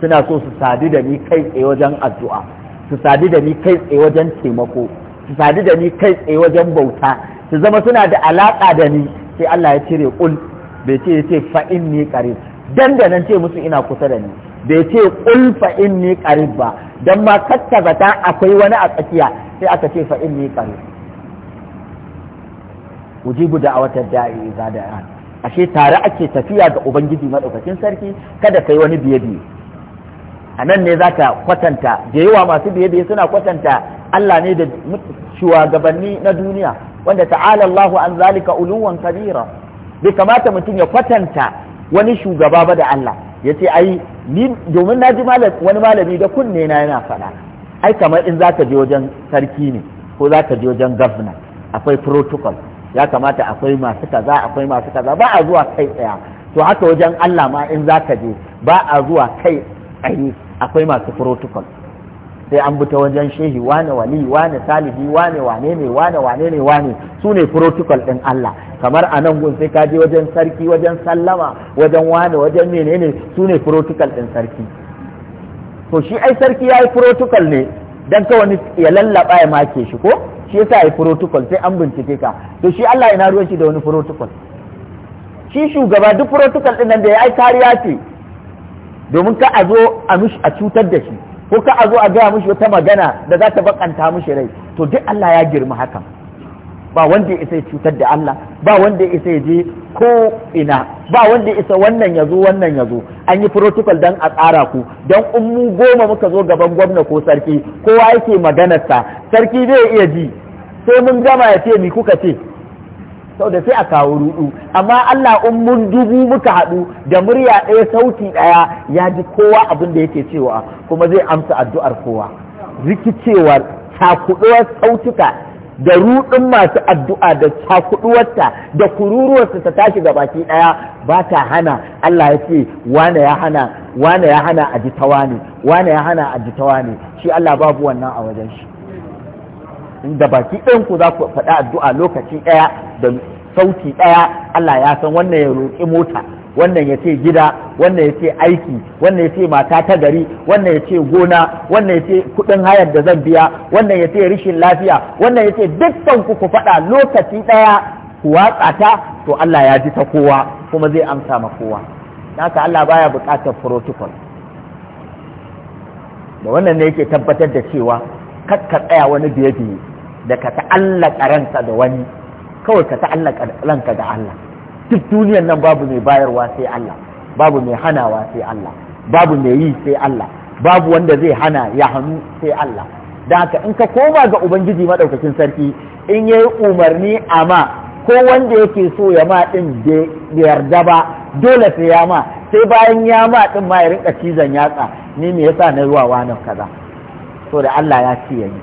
suna so su sadu da ni kai tsaye wajen addu'a su sadu da ni kai tsaye wajen taimako su sadu da ni kai tsaye wajen bauta su zama suna da alaƙa da ni sai Allah ya cire kul bai ce ya ce fa inni qarib dandanan ce musu ina kusa da ni bai ce qul fa ni qarib ba dan ma kakkaza akwai wani a tsakiya sai aka ce fa inni qarib ujibu wata da'i idza da'an ashe tare ake tafiya ga ubangiji madaukakin sarki kada kai wani biye biye a nan ne za ka kwatanta da yawa masu biye-biye suna kwatanta Allah ne da shugabanni na duniya wanda ta'ala Allahu an zalika uluwan kabira bai kamata mutum ya kwatanta wani shugaba ba da Allah ya ce ai ni domin na ji wani malami da kunne na yana faɗa ai kamar in za ka je wajen sarki ne ko ka je wajen gwamna akwai protocol ya kamata akwai masu kaza akwai masu kaza ba a zuwa kai tsaya to haka wajen Allah ma in za ka je ba a zuwa kai tsaye akwai masu protocol sai an bi ta wajen shehi wane wali wane talibi wane wane ne wane wane ne wane su ne protocol ɗin Allah kamar a nan gun sai ka je wajen sarki wajen sallama wajen wani wajen menene su ne protocol ɗin sarki to shi ai sarki ya yi protocol ne dan ka wani ya lallaba ya make shi ko shi yasa ya yi protocol sai an bincike ka to shi Allah ina ruwan shi da wani protocol shi shugaba duk protocol ɗin nan da ya ai kariya ce domin ka a zo a cutar da shi ko ka a zo a gaya mishi wata magana da za ta bakanta mishi rai to duk Allah ya girma hakan ba wanda isa ya cutar da Allah ba wanda isa ya je ko ina ba wanda isa wannan ya zo wannan ya zo an yi protocol dan a tsara ku dan in mu goma muka zo gaban gwamna ko sarki kowa yake maganarsa sarki zai iya ji sai mun gama ya ce mi kuka ce sau da sai a kawo rudu amma Allah in mun dubu muka haɗu da murya ɗaya sauti ɗaya ya ji kowa abin da yake cewa kuma zai amsa addu'ar kowa rikicewar cakuɗuwar sautuka da ruɗin masu addu'a da cakuɗuwarta da kururuwarsa ta tashi ga baki ɗaya ba ta hana Allah ya ce wane ya hana wane ya hana a jitawa ne wane ya hana a jitawa ne shi Allah babu wannan a wajen shi da baki ɗin ku za ku faɗi addu'a lokaci ɗaya da sauti ɗaya Allah ya san wannan ya roƙi mota wannan ya ce gida wannan ya ce aiki wannan ya ce mata ta gari wannan ya ce gona wannan ya ce kudin hayar da zan biya wannan ya ce rishin lafiya wannan ya ce dukkan ku ku faɗa lokaci ɗaya ku watsa ta to Allah ya ji ta kowa kuma zai amsa ma kowa haka Allah baya buƙatar protocol da wannan ne yake tabbatar da cewa kakka tsaya wani biye-biye da ka ta'allaka ranka da wani kawai ka ta'allaka ranka da Allah duk duniyan nan babu mai bayarwa sai Allah babu mai hanawa sai Allah babu mai yi sai Allah babu wanda zai hana ya hannu sai Allah da haka in ka koma ga ubangiji madaukakin sarki in yayi umarni ama ko wanda yake so ya ma din da yarda ba dole sai ya ma sai bayan ya ma din ma ya rinka cizon yatsa ni me yasa na zuwa wannan kaza so da Allah ya ce yayi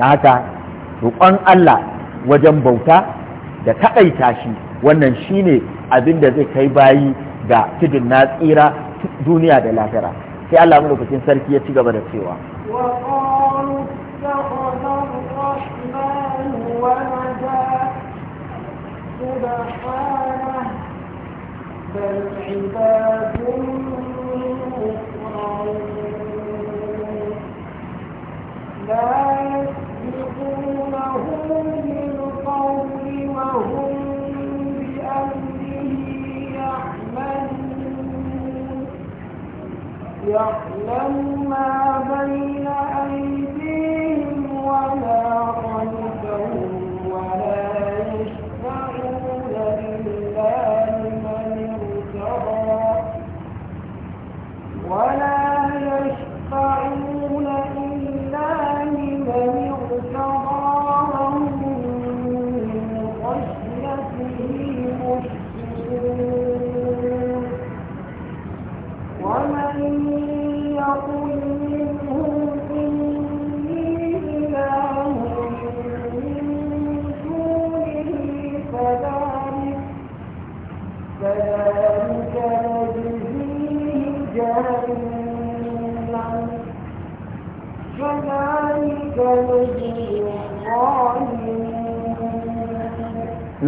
da haka roƙon Allah wajen bauta da kaɗaita shi wannan shine abin da zai kai bayi ga tudun na tsira duniya da lahira sai Allah lokacin sarki ya ci gaba da cewa لا يسبقونه قول وهم يعلم ما بين أيديهم ولا خلفهم ولا يشفعون إلا لمن ارتضى ولا يشفعون إلا لمن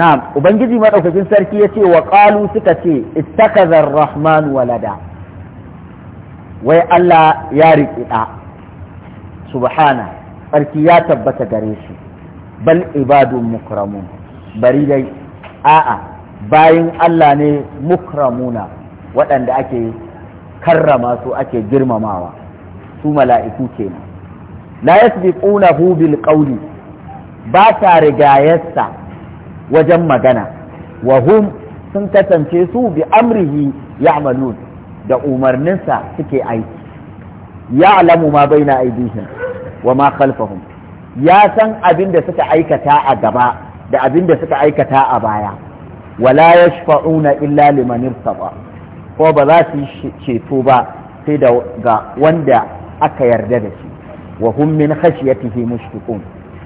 na'am ubangiji madaukakin sarki ya ce wa qalu suka ce ittakaza rahman walada wai Allah ya riƙi ɗa subhana sarki ya tabbata gare shi bal ibadun mukramun bari dai a'a bayin Allah ne mukramuna waɗanda ake karrama su ake girmamawa su mala'iku kenan la yasbiqunahu bil qawli ba ta rigayarsa wajen magana wa hum sun kasance su bi amrihi ya'malun da umarninsa suke aiki ya'lamu ma baina aidihim wa ma khalfahum ya san abin da suka aikata a gaba da abin da suka aikata a baya wala yashfa'una illa liman irtaba ko ba za su ceto ba sai da ga wanda aka yarda da shi wa hum min khashyatihi mushfiqun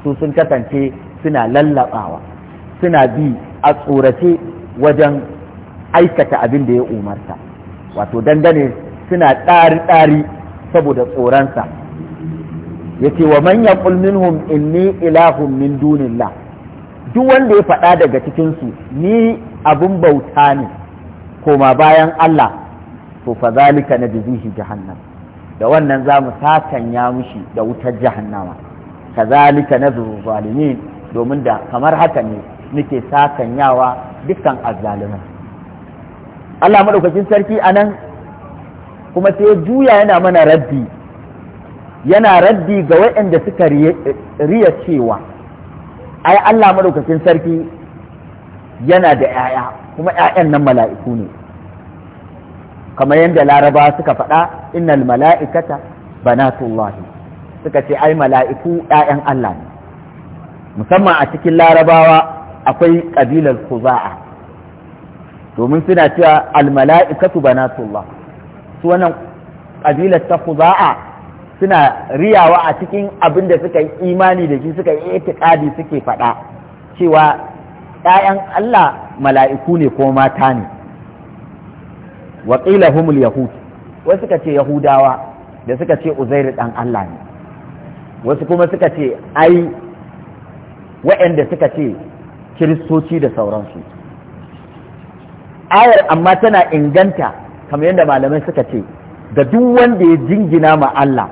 su sun kasance suna lallabawa suna bi a tsorace wajen aikata abin da ya umarta wato dangane suna tsari-tsari saboda tsoronsa ya ce wa manyan minhum inni ilahun min dunillah duk wanda ya faɗa daga cikinsu ni abin bauta ne koma bayan Allah to fa zalika na jizihi jahannam da wannan za mu sakanya mushi da wutar jahannama kazalika na zalimin domin da kamar haka ne muke sakanyawa dukkan azzaliman Allah madaukakin sarki anan kuma sai juya yana mana raddi yana raddi ga waɗanda suka riya cewa ai Allah madaukakin sarki yana da 'ya'ya kuma 'ya'yan nan mala'iku ne kamar yadda laraba suka faɗa innal mala'ikata banatullahi suka ce ai mala'iku 'ya'yan Allah ne musamman a cikin larabawa akwai ƙabilar kuza'a domin suna cewa almala'ikatu banatullah su wannan kabilar ta kuza'a suna riyawa a cikin abin da suka yi imani da shi suka yi itikadi suke faɗa cewa ‘ya'yan Allah mala'iku ne ko mata ne waƙila humul yahud wasu suka ce yahudawa da suka ce uzairu ɗan Allah ne wasu kuma suka ce ai wa'anda suka ce kiristoci da sauransu ayar amma tana inganta kamar yadda malamai suka ce da duk wanda ya jingina ma Allah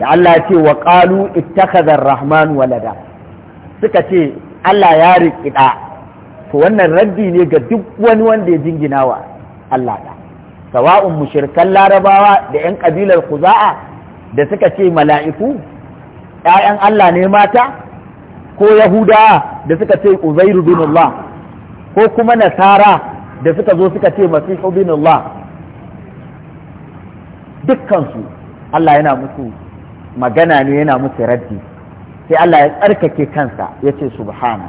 da Allah ce wa ƙalu ittakhadha rahman walada suka ce Allah ya riƙi ɗa to wannan raddi ne ga duk wani wanda ya jingina wa Allah ɗa sawa'un mushirkan larabawa da 'yan ƙabilar kuza'a da suka ce mala'iku ‘ya'yan Allah ne mata ko Yahuda da suka ce Uzairu bin Allah ko kuma Nasara da suka zo suka ce Masihu bin Allah dukkansu Allah yana musu magana ne yana musu raddi sai Allah ya tsarkake kansa ya ce subhana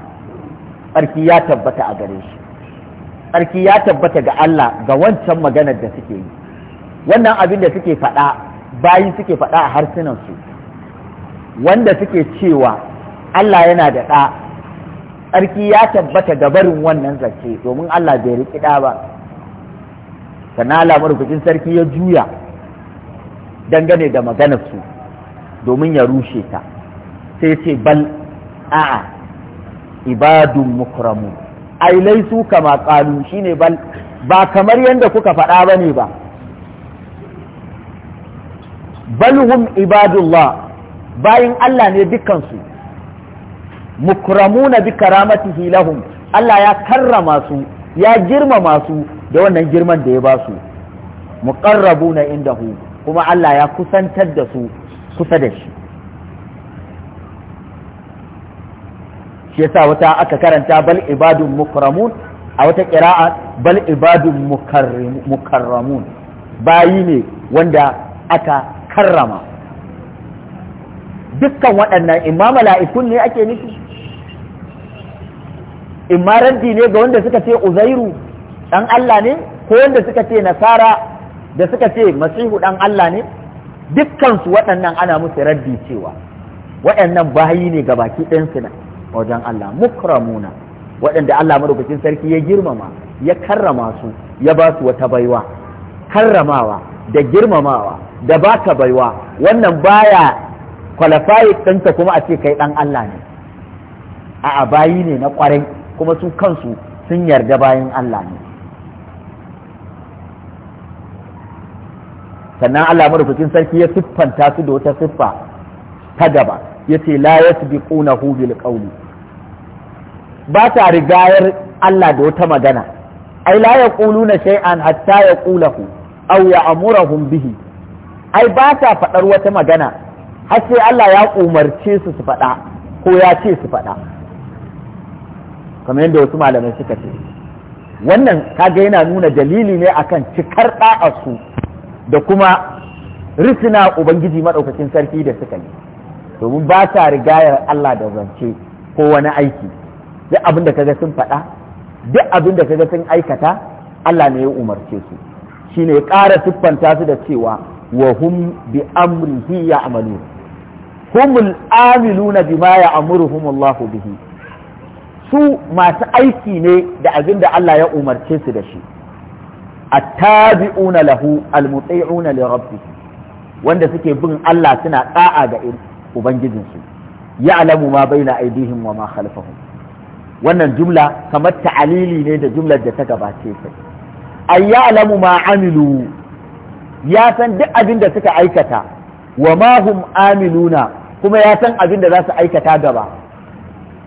tsarki ya tabbata a gare shi tsarki ya tabbata ga Allah ga wancan maganar da suke yi wannan abin da suke faɗa bayi suke faɗa a harsunansu wanda suke cewa Allah yana da ɗa tsarki ya tabbata ga barin wannan zance domin Allah bai riƙi ɗa ba sannan Allah marubucin sarki ya juya dangane da maganarsu domin ya rushe ta sai ce bal a'a ibadun mukramu ai laisu kama ƙalu shine bal ba kamar yadda kuka faɗa ba ne ba balhum ibadullah bayin Allah ne dukkansu mukramuna bi karamatihi lahum Allah ya karrama su ya girmama su da wannan girman da ya ba su muqarrabuna indahu kuma Allah ya kusantar da su kusa da shi shi yasa wata aka karanta bal ibadun mukramun a wata ƙira'a, bal ibadun mukarramun bayi ne wanda aka karrama dukkan waɗannan imma mala'ikun ne ake nufi imma raddi ne ga wanda suka ce uzairu ɗan Allah ne ko wanda suka ce nasara da suka ce masihu ɗan Allah ne dukkansu waɗannan ana musu raddi cewa waɗannan bayi ne ga baki ɗansu na wajen Allah mukramuna waɗanda Allah madaukakin sarki ya girmama ya karrama su ya ba su wata baiwa karramawa da girmamawa da baka baiwa wannan baya qualified ɗinka kuma a ce kai ɗan Allah ne a bayi ne na ƙwarai kuma su kansu sun yarda bayan Allah ne sannan Allah madaukakin sarki ya siffanta su da wata siffa ta gaba ya ce la yasbiqunahu bil qawli ba ta rigayar Allah da wata magana ai la yaquluna shay'an hatta yaqulahu aw ya'muruhum bihi ai ba ta faɗar wata magana har sai Allah ya umarce su su faɗa ko ya ce su faɗa kamar yadda wasu malamai suka ce wannan kaga yana nuna dalili ne akan cikar su da kuma risina ubangiji maɗaukakin sarki da suka yi domin ba ta rigayar Allah da zance ko wani aiki duk abin da kaga sun faɗa duk abin da kaga sun aikata Allah ne ya umarce su shine ya ƙara siffanta su da cewa wa hum bi amrihi ya amalu humul amiluna bima ya amuruhum Allah bihi su masu aiki ne da abin da Allah ya umarce su da shi attabi'una lahu almuti'una li rabbi wanda suke bin Allah suna da'a ga ubangijinsu ya'lamu ma baina aydihim wa ma khalfahum wannan jumla kamar ta'alili ne da jumlar da ta gabace ta ay ya'lamu ma amilu ya san duk abin da suka aikata wa ma hum amiluna kuma ya san abin da za su aikata gaba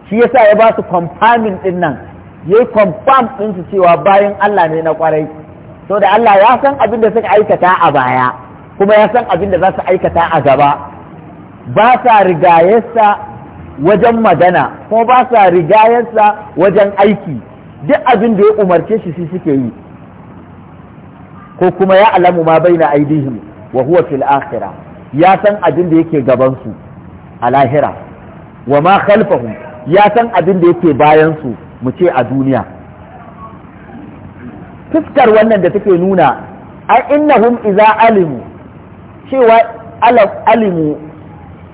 shi yasa ya ba su kwamfamin din nan ya yi kwamfamin ɗinsu cewa bayan Allah ne na kwarai so da Allah ya san abin da suka aikata a baya kuma ya san abin da za su aikata a gaba ba sa rigayarsa wajen magana kuma ba sa rigayarsa wajen aiki duk abin da ya umarce shi suke yi ko kuma ya alamu ma bai na aidihim wa huwa fil ya san abin da yake gabansu a lahira wa ma khalfahum ya san abin da yake bayan su mu ce a duniya fuskar wannan da take nuna ai innahum idza alimu cewa alimu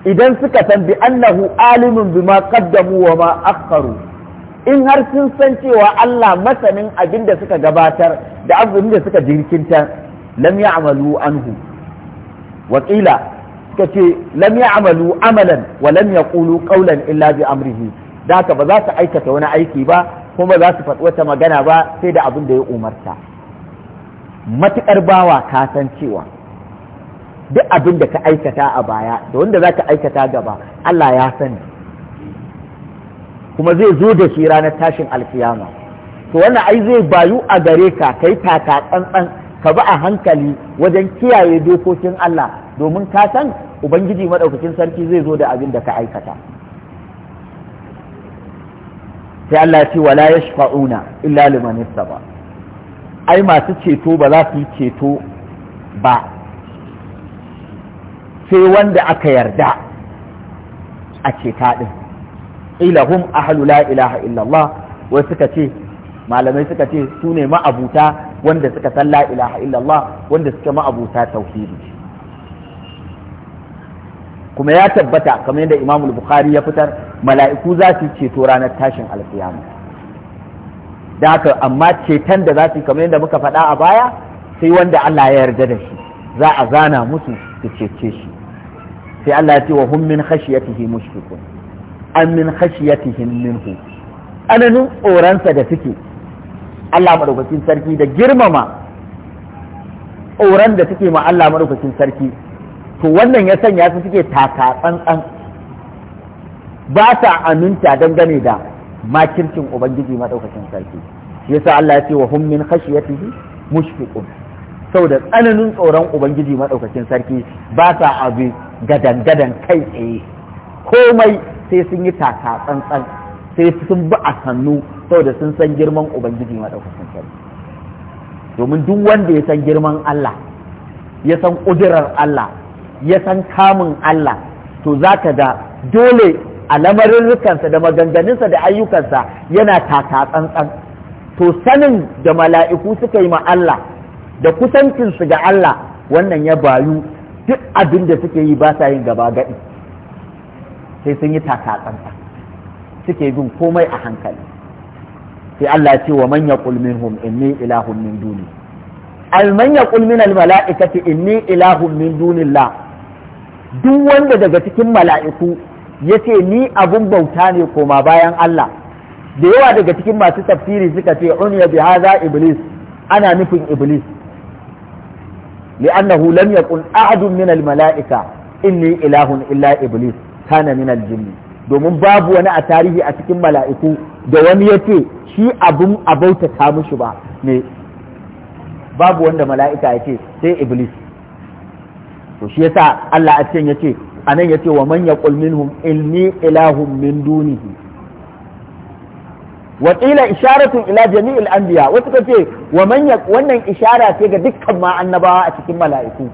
idan suka san bi annahu alimun bima qaddamu wa ma akharu in har sun san cewa Allah masanin abin da suka gabatar da abin da suka jirkinta lam ya'malu anhu wa qila suka ce lam ya'malu amalan wa lam yaqulu qawlan illa bi amrihi da haka ba za su aikata wani aiki ba kuma za su faɗi wata magana ba sai da abin da ya umarta matuƙar bawa ka san cewa duk abin da ka aikata a baya da wanda za ka aikata gaba Allah ya sani kuma zai zo da shi ranar tashin alkiyama to wannan ai zai bayu a gare ka kai taka tsantsan ka bi a hankali wajen kiyaye dokokin Allah domin ka san ubangiji madaukakin sarki zai zo da abin da ka aikata sai Allah ya ce wala yashfa'una illa liman istaba ai masu ceto ba za su yi ceto ba sai wanda aka yarda a ceta din ilahum ahlu la ilaha illallah wai suka ce malamai suka ce su ne ma'abuta wanda suka san la ilaha illallah wanda suka ma'abuta tauhidi kuma ya tabbata kamar yadda Imam Bukhari ya fitar mala'iku za su ceto ranar tashin alkiyama da haka amma ceton da za su kamar yadda muka faɗa a baya sai wanda Allah ya yarda da shi za a zana musu su cece shi sai Allah ya ce wa hum min khashiyatihi mushfiqun an min khashiyatihim minhu ananin tsoronsa da suke Allah madaukakin sarki da girmama tsoron da suke ma Allah madaukakin sarki to wannan ya sanya su suke taka tsantsan ba sa aminta dangane da makircin ubangiji madaukakin sarki shi yasa Allah ya ce wa hum min khashyatihi mushfiqun saboda tsananin tsoron ubangiji madaukakin sarki ba sa abi gadan gadan kai tsaye komai sai sun yi taka tsantsan sai sun bi a sau saboda sun san girman ubangiji madaukakin sarki domin duk wanda ya san girman Allah ya san ƙudurar Allah ya san kamun Allah to za ka da dole a lamarin rukansa da maganganunsa da ayyukansa yana taka tsantsan to sanin da mala'iku suka yi ma Allah da kusancinsu ga Allah wannan ya bayu duk abin da suke yi ba sa yin gaba gaɗi sai sun yi taka tsantsan suke bin komai a hankali sai Allah ce wa manya minhum inni ilahun min duni al manya min al mala'ikati inni ilahun min dunillah duk wanda daga cikin mala'iku ya ce ni abun bauta ne koma bayan Allah da yawa daga cikin masu tafsiri suka ce unya bi haza iblis ana nufin iblis li'annahu lam yaqul ahadun min al-mala'ika inni ilahun illa iblis kana min al-jinn domin babu wani a tarihi a cikin mala'iku da wani ya ce shi abun ta mushi ba ne babu wanda mala'ika ya ce sai iblis to shi yasa Allah a cikin yace anan yace wa man yaqul minhum inni ilahum min dunihi wa qila isharatun ila jami'il anbiya wasu kace wa man wannan ishara ce ga dukkan ma annabawa a cikin mala'iku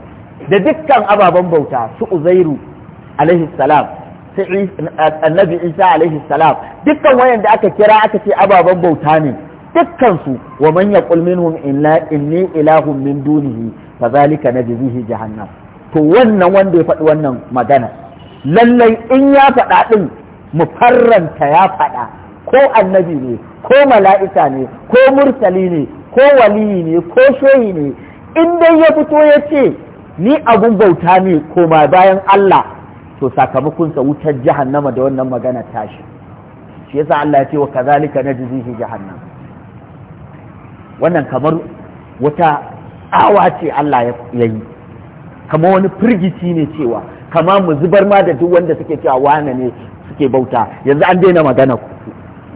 da dukkan ababen bauta su uzairu alaihi salam annabi isa alaihi salam dukkan wayan da aka kira aka ce ababen bauta ne dukkan su wa man yaqul minhum inni ilahun min dunihi fadhalika najzihi jahannam to wannan wanda ya faɗi wannan magana lallai in ya faɗa ɗin mu farranta ya faɗa ko annabi ne ko mala'ika ne ko mursali ne ko waliyi ne ko shehi ne in dai ya fito ya ce ni abun bauta ne koma bayan Allah to sakamakonsa wutar jahannama da wannan magana tashi shi yasa Allah ya ce wa kazalika najzihi jahannam wannan kamar wata awa ce Allah ya yi kama wani firgici ne cewa kama mu zubar ma da duk wanda suke cewa wane ne suke bauta yanzu an daina magana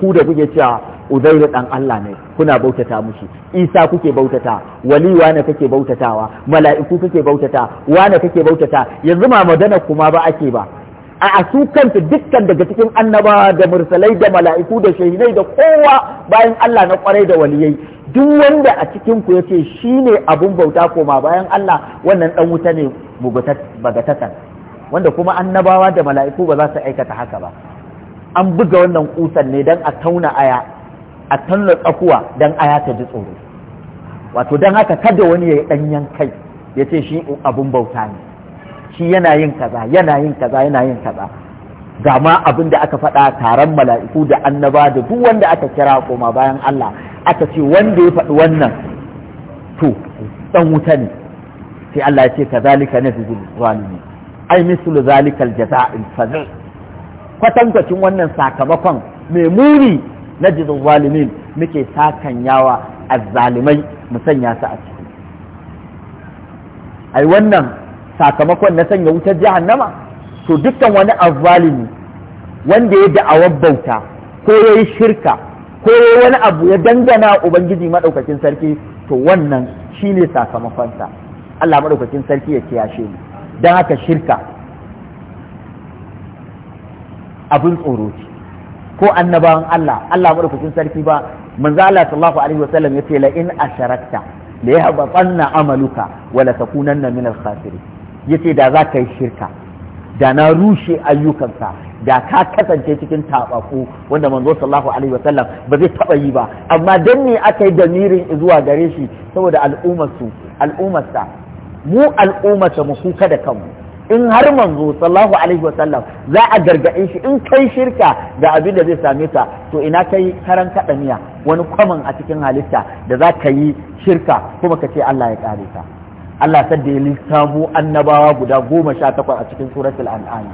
ku da kuke cewa uzairu dan Allah ne kuna bautata mushi isa kuke bautata wali wane kake bautatawa mala'iku kake bautata wane kake bautata yanzu ma magana kuma ba ake ba a su kanta dukkan daga cikin annaba da mursalai da mala'iku da shahidai da kowa bayan Allah na kwarai da waliyai duk wanda a cikin ku yace shine abun bauta koma bayan Allah wannan dan wuta ne bagatatan wanda kuma annabawa da mala'iku ba za su aikata haka ba an buga wannan kusan ne dan a tauna aya a tauna tsakuwa dan aya ta ji tsoro wato dan haka kada wani ya yi danyen kai ya ce shi abun bauta ne shi yana yin kaza yana yin kaza yana yin kaza ga ma abin da aka faɗa taron mala'iku da annaba da duk wanda aka kira koma bayan Allah aka ce wanda ya faɗi wannan to dan wuta ne sai Allah ya ce kazalika nafzul zalimin ai mislu zalikal jaza'il fazil kwatankwacin wannan sakamakon mai muni na jizul zalimin muke sakan yawa azzalimai mu sanya su a ciki ai wannan sakamakon na sanya wutar jahannama to dukkan wani azzalimi wanda ya da'awar bauta ko ya yi shirka ko ya wani abu ya dangana ubangiji maɗaukakin sarki to wannan shine sakamakonsa Allah maɗaukakin sarki ya kiyashe mu don haka shirka abin tsoro ce ko annabawan Allah Allah maɗaukakin sarki ba manzo Allah sallallahu alaihi wasallam yace la in asharakta la yahbatanna amaluka wa la takunanna min al-khasirin ce da za ka yi shirka da na rushe ayyukansa da ka kasance cikin tabaku wanda manzo sallallahu alaihi wasallam ba zai taɓa yi ba amma dan ne aka yi damirin zuwa gare shi saboda al'ummarsu al'ummarsa mu al'ummarsa mu kuka da kanmu in har manzo sallallahu alaihi wasallam za a gargaɗe shi in kai shirka ga abin da zai same ta to ina kai karan kaɗaniya wani kwaman a cikin halitta da za ka yi shirka kuma ka ce Allah ya ƙare ka. Allah sadda ya lissafo annabawa guda goma sha takwas a cikin suratul an'am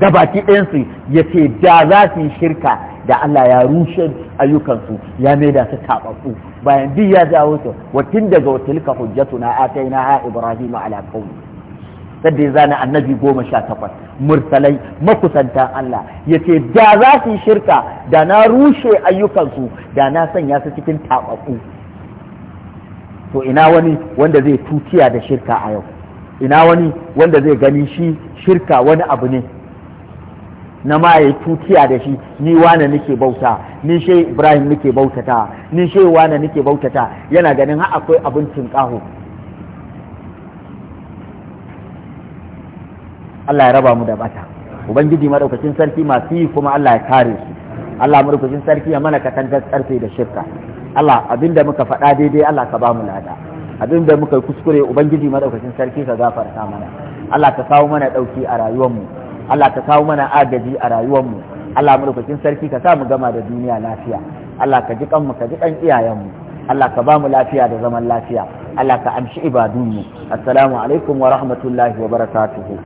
gabaki ɗayansu ya ce da za su yi shirka da Allah ya rushe ayyukansu ya maida su taɓaɓɓu bayan duk ya jawo su watin daga watilka hujjatuna na ha ibrahim ala qaumi sadda ya zana annabi goma sha takwas mursalai makusantan Allah ya ce da za su yi shirka da na rushe ayyukansu da na sanya su cikin taɓaɓɓu to ina wani wanda zai tutiya da shirka a yau ina wani wanda zai gani shi shirka wani abu ne na ma ya tutiya da shi ni wane nake bauta ni shi ibrahim nake bautata ni shi wane nake bautata yana ganin ha akwai abincin kaho Allah ya raba mu da bata ubangiji madaukakin sarki masu yi kuma Allah ya kare su Allah madaukakin sarki ya mana katangar karfe da shirka Allah abinda muka faɗa daidai Allah ka ba mu lada abinda muka kuskure ubangiji madaukakin sarki ka gafarta mana Allah ka kawo mana ɗauki a rayuwarmu Allah ka kawo mana agaji a rayuwarmu Allah madaukakin sarki ka sa mu gama da duniya lafiya Allah ka ji kanmu ka ji kan iyayenmu Allah ka ba mu lafiya da zaman lafiya Allah ka amshi ibadunmu assalamu alaikum wa rahmatullahi wa barakatuhu